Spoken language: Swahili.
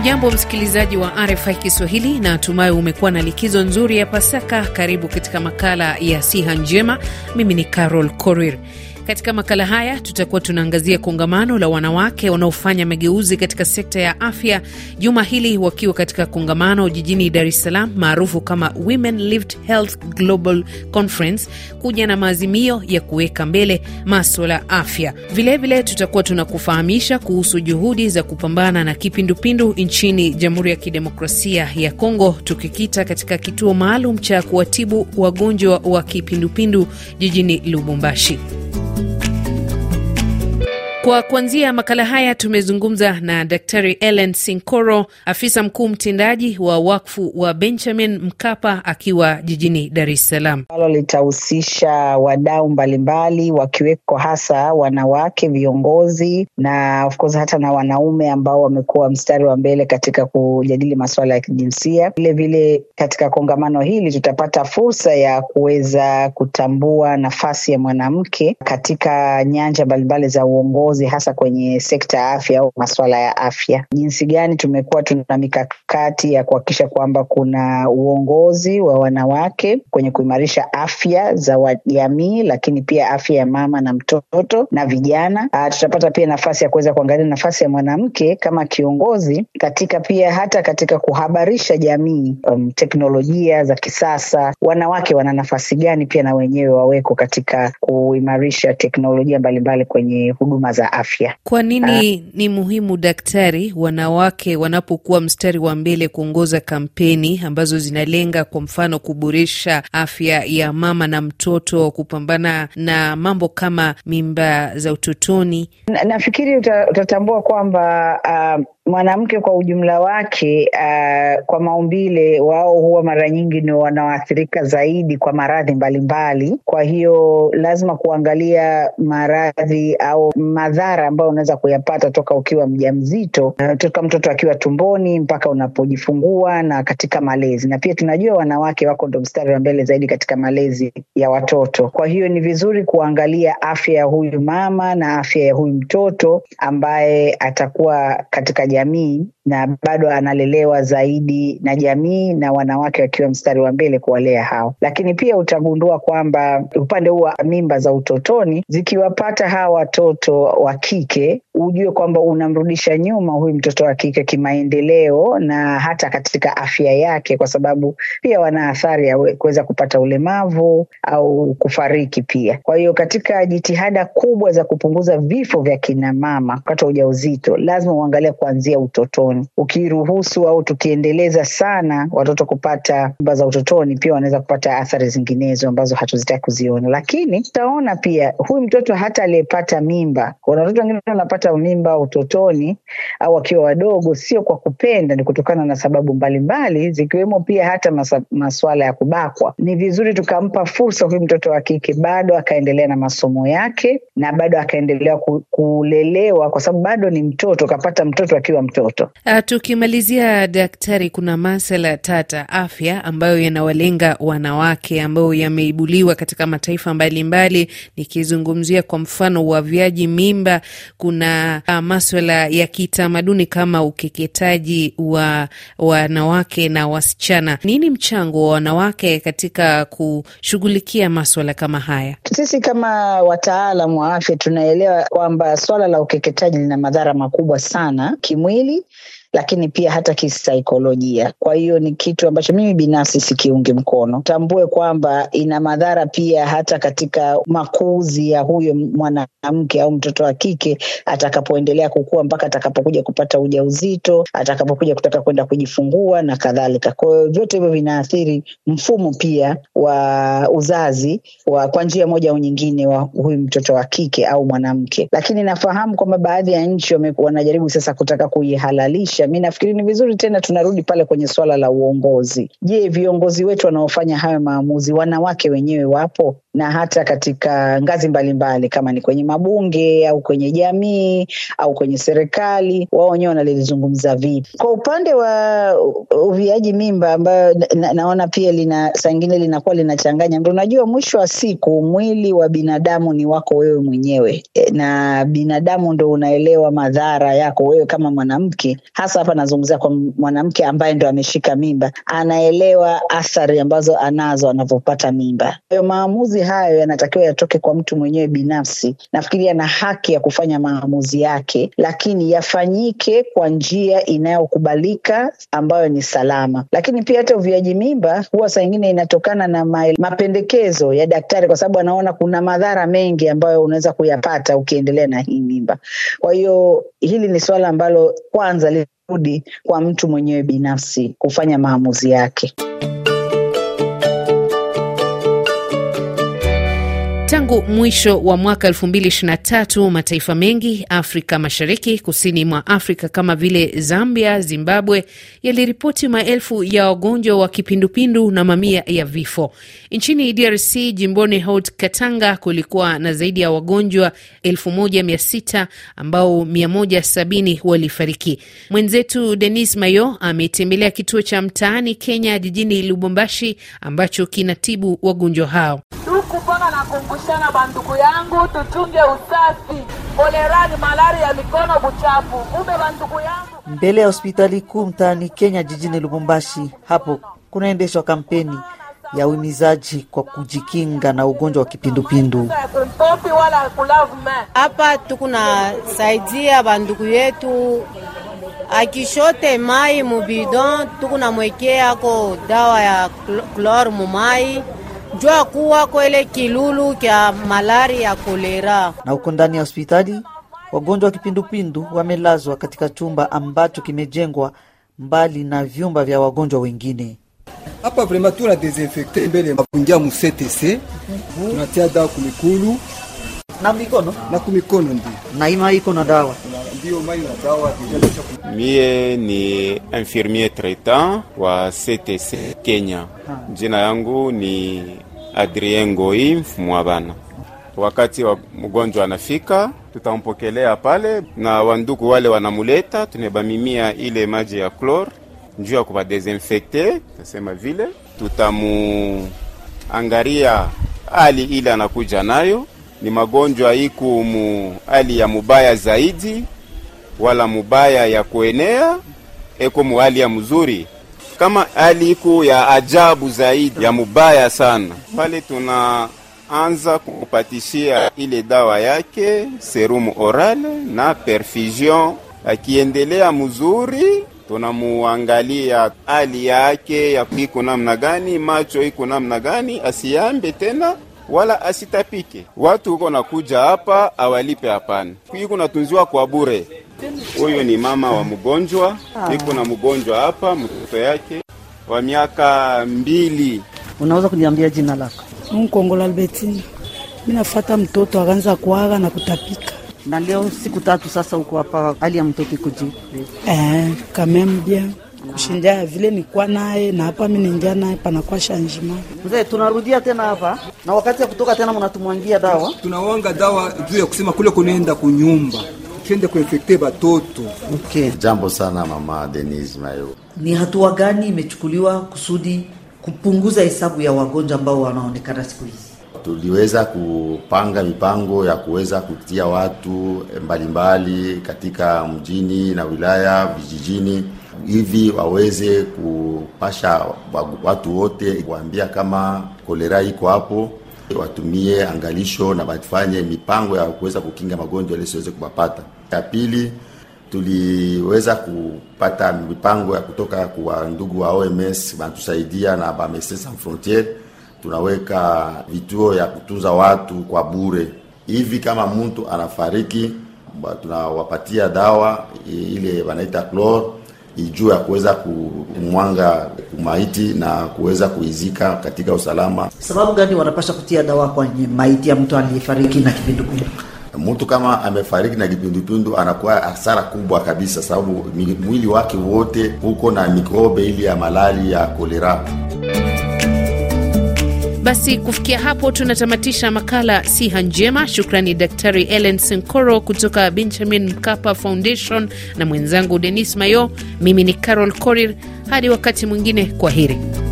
ujambo msikilizaji wa RFI Kiswahili, na atumai umekuwa na likizo nzuri ya Pasaka. Karibu katika makala ya siha njema. Mimi ni Carol Korir. Katika makala haya tutakuwa tunaangazia kongamano la wanawake wanaofanya mageuzi katika sekta ya afya juma hili, wakiwa katika kongamano jijini Dar es Salaam maarufu kama Women Lived Health Global Conference, kuja na maazimio ya kuweka mbele maswala afya. Vilevile tutakuwa tunakufahamisha kuhusu juhudi za kupambana na kipindupindu nchini Jamhuri ya Kidemokrasia ya Kongo, tukikita katika kituo maalum cha kuwatibu wagonjwa wa kipindupindu jijini Lubumbashi. Kwa kuanzia makala haya tumezungumza na Daktari Ellen Sinkoro, afisa mkuu mtendaji wa wakfu wa Benjamin Mkapa akiwa jijini Dar es Salaam, ambalo litahusisha wadau mbalimbali wakiweko hasa wanawake viongozi na of course hata na wanaume ambao wamekuwa mstari wa mbele katika kujadili masuala ya kijinsia. Vilevile katika kongamano hili tutapata fursa ya kuweza kutambua nafasi ya mwanamke katika nyanja mbalimbali za uongozi uongozi hasa kwenye sekta ya afya au masuala ya afya. Jinsi gani tumekuwa tuna mikakati ya kuhakikisha kwamba kuna uongozi wa wanawake kwenye kuimarisha afya za jamii, lakini pia afya ya mama na mtoto na vijana. A, ah, tutapata pia nafasi ya kuweza kuangalia nafasi ya mwanamke kama kiongozi katika pia hata katika kuhabarisha jamii um, teknolojia za kisasa. Wanawake wana nafasi gani pia na wenyewe waweko katika kuimarisha teknolojia mbalimbali kwenye huduma za za afya. Kwa nini uh, ni muhimu daktari, wanawake wanapokuwa mstari wa mbele kuongoza kampeni ambazo zinalenga kwa mfano kuboresha afya ya mama na mtoto, kupambana na mambo kama mimba za utotoni? Nafikiri na utatambua kwamba uh, mwanamke kwa ujumla wake uh, kwa maumbile wao huwa mara nyingi ni wanaoathirika zaidi kwa maradhi mbalimbali. Kwa hiyo lazima kuangalia maradhi au madhara ambayo unaweza kuyapata toka ukiwa mzito uh, eh, toka mtoto akiwa tumboni mpaka unapojifungua na katika malezi. Na pia tunajua wanawake wako ndo mstari wa mbele zaidi katika malezi ya watoto. Kwa hiyo ni vizuri kuangalia afya ya huyu mama na afya ya huyu mtoto ambaye atakuwa katika jamii I mean, na bado analelewa zaidi na jamii na wanawake wakiwa mstari wa mbele kuwalea hao. Lakini pia utagundua kwamba upande huu wa mimba za utotoni zikiwapata hawa watoto wa kike, ujue kwamba unamrudisha nyuma huyu mtoto wa kike kimaendeleo na hata katika afya yake, kwa sababu pia wana athari ya kuweza kupata ulemavu au kufariki pia. Kwa hiyo katika jitihada kubwa za kupunguza vifo vya kinamama wakati wa ujauzito, lazima uangalia kuanzia utotoni utotoni. Ukiruhusu au tukiendeleza sana watoto kupata mimba za utotoni, pia wanaweza kupata athari zinginezo ambazo hatuzitaki kuziona, lakini tutaona pia huyu mtoto hata aliyepata mimba. Kuna watoto wengine wanapata mimba utotoni au wakiwa wadogo, sio kwa kupenda, ni kutokana na sababu mbalimbali mbali, zikiwemo pia hata masa, masuala ya kubakwa. Ni vizuri tukampa fursa huyu mtoto wa kike bado akaendelea na masomo yake na bado akaendelea kulelewa kwa sababu bado ni mtoto, kapata mtoto akiwa mtoto. A, ah, tukimalizia daktari, kuna masala tata afya ambayo yanawalenga wanawake ambayo yameibuliwa katika mataifa mbalimbali. Nikizungumzia kwa mfano uavyaji mimba, kuna ah, maswala ya kitamaduni kama ukeketaji wa wanawake na wasichana. Nini mchango wa wanawake katika kushughulikia maswala kama haya? Sisi kama wa afya tunaelewa kwamba swala la ukeketaji lina madhara makubwa sana kimwili lakini pia hata kisaikolojia. Kwa hiyo ni kitu ambacho mimi binafsi sikiungi mkono. Tambue kwamba ina madhara pia hata katika makuzi ya huyo mwanamke au mtoto wa kike atakapoendelea kukua mpaka atakapokuja kupata ujauzito, atakapokuja kutaka kwenda kujifungua na kadhalika. Kwa hiyo vyote hivyo vinaathiri mfumo pia wa uzazi wa kwa njia moja au nyingine wa huyu mtoto wa kike au mwanamke, lakini nafahamu kwamba baadhi ya nchi wanajaribu sasa kutaka kuihalalisha kuimarisha. Mi nafikiri ni vizuri tena, tunarudi pale kwenye swala la uongozi. Je, viongozi wetu wanaofanya hayo maamuzi, wanawake wenyewe wapo? Na hata katika ngazi mbalimbali mbali, kama ni kwenye mabunge au kwenye jamii au kwenye serikali, wao wenyewe wanalizungumza vipi? Kwa upande wa uviaji mimba ambayo na, naona pia lina saa linakuwa linachanganya, ndo unajua, mwisho wa siku mwili wa binadamu ni wako wewe mwenyewe, e, na binadamu ndo unaelewa madhara yako wewe kama mwanamke, hasa hapa nazungumzia kwa mwanamke ambaye ndo ameshika mimba, anaelewa athari ambazo anazo anavyopata mimba. Hayo maamuzi hayo yanatakiwa yatoke kwa mtu mwenyewe binafsi. Nafikiri ana haki ya kufanya maamuzi yake, lakini yafanyike kwa njia inayokubalika ambayo ni salama. Lakini pia hata uviaji mimba huwa saa ingine inatokana na mapendekezo ya daktari, kwa sababu anaona kuna madhara mengi ambayo unaweza kuyapata ukiendelea na hii mimba. Kwa hiyo hili ni suala ambalo kwanza kurudi kwa mtu mwenyewe binafsi kufanya maamuzi yake. Tangu mwisho wa mwaka 2023 mataifa mengi Afrika Mashariki, kusini mwa Afrika kama vile Zambia, Zimbabwe yaliripoti maelfu ya wagonjwa wa kipindupindu na mamia ya vifo. Nchini DRC, jimboni Haut Katanga, kulikuwa na zaidi ya wagonjwa 1600 ambao 170 walifariki. Mwenzetu Denis Mayo ametembelea kituo cha mtaani Kenya jijini Lubumbashi ambacho kinatibu wagonjwa hao kupanga na kungushana, banduku yangu, tuchunge usafi, olerani malaria ya mikono, buchafu kumbe, banduku yangu. Mbele ya hospitali kuu mtaani Kenya jijini Lubumbashi, hapo kunaendeshwa kampeni ya uhimizaji kwa kujikinga na ugonjwa wa kipindupindu. Hapa tukunasaidia banduku yetu akishote mai mubidon, tukunamwekeako dawa ya klor mumai jua kuwa kwele kilulu kya malari ya kolera. Na huko ndani ya hospitali wagonjwa wa kipindupindu wamelazwa katika chumba ambacho kimejengwa mbali na vyumba vya wagonjwa wengine. Hapa vrema tuna desinfekte mbele kunja mu CTC, tunatia dawa kumikulu na mikono na kumikono ndio na ima iko na dawa ndio mai na dawa. Mie ni infirmier traitant wa CTC Kenya. Jina yangu ni Adrien Ngoi Mwabana. Wakati wa mgonjwa anafika, tutampokelea pale na wanduku wale wanamuleta, tunabamimia ile maji ya klor njuu ya kuvadesinfekte, tasema vile tutamuangaria hali ile anakuja nayo, ni magonjwa iku mu hali ya mubaya zaidi wala mubaya ya kuenea, eko mu hali ya mzuri kama hali iko ya ajabu zaidi ya mubaya sana pale, tunaanza kupatishia ile dawa yake serumu orale na perfusion. Akiendelea mzuri, tunamuangalia hali yake ya iko namna gani, macho iko namna gani, asiambe tena wala asitapike. Watu uko nakuja hapa awalipe, hapana, iko natunziwa kwa bure Huyu ni mama wa mgonjwa, niko na mgonjwa hapa, mtoto yake wa miaka mbili. Unaweza kuniambia jina lako? Mkongola Albertine. Mimi nafuata mtoto akaanza kuaga na kutapika, na leo siku tatu sasa uko hapa, hali ya mtoto iko juu eh, kamembia kushinja vile nikuwa naye na hapa mimi ningia naye panakuwa shanjima. Mzee, tunarudia tena hapa na wakati ya kutoka tena mnatumwangia dawa, tunawanga dawa juu ya kusema kule kunaenda kunyumba kiende kuinfekte batoto. Okay. Jambo sana mama Denise Mayo. Ni hatua gani imechukuliwa kusudi kupunguza hesabu ya wagonjwa ambao wanaonekana siku hizi? Tuliweza kupanga mipango ya kuweza kutia watu mbalimbali mbali katika mjini na wilaya vijijini, hivi waweze kupasha watu wote kuambia kama kolera iko hapo watumie angalisho na wafanye mipango ya kuweza kukinga magonjwa ili siweze kuwapata. Ya pili tuliweza kupata mipango ya kutoka kwa ndugu wa OMS wanatusaidia na ba Medecins Sans Frontieres. Tunaweka vituo ya kutunza watu kwa bure, hivi kama mtu anafariki tunawapatia dawa ile wanaita chloro juu ya kuweza kumwanga maiti na kuweza kuizika katika usalama. Sababu gani wanapasha kutia dawa kwenye maiti ya mtu aliyefariki na kipindupindu? Mtu kama amefariki na kipindupindu anakuwa hasara kubwa kabisa, sababu mwili wake wote uko na mikrobe ili ya malali ya kolera. Basi kufikia hapo tunatamatisha makala siha njema. Shukrani Daktari Ellen Sinkoro kutoka Benjamin Mkapa Foundation na mwenzangu Denis Mayo. Mimi ni Carol Korir, hadi wakati mwingine, kwa heri.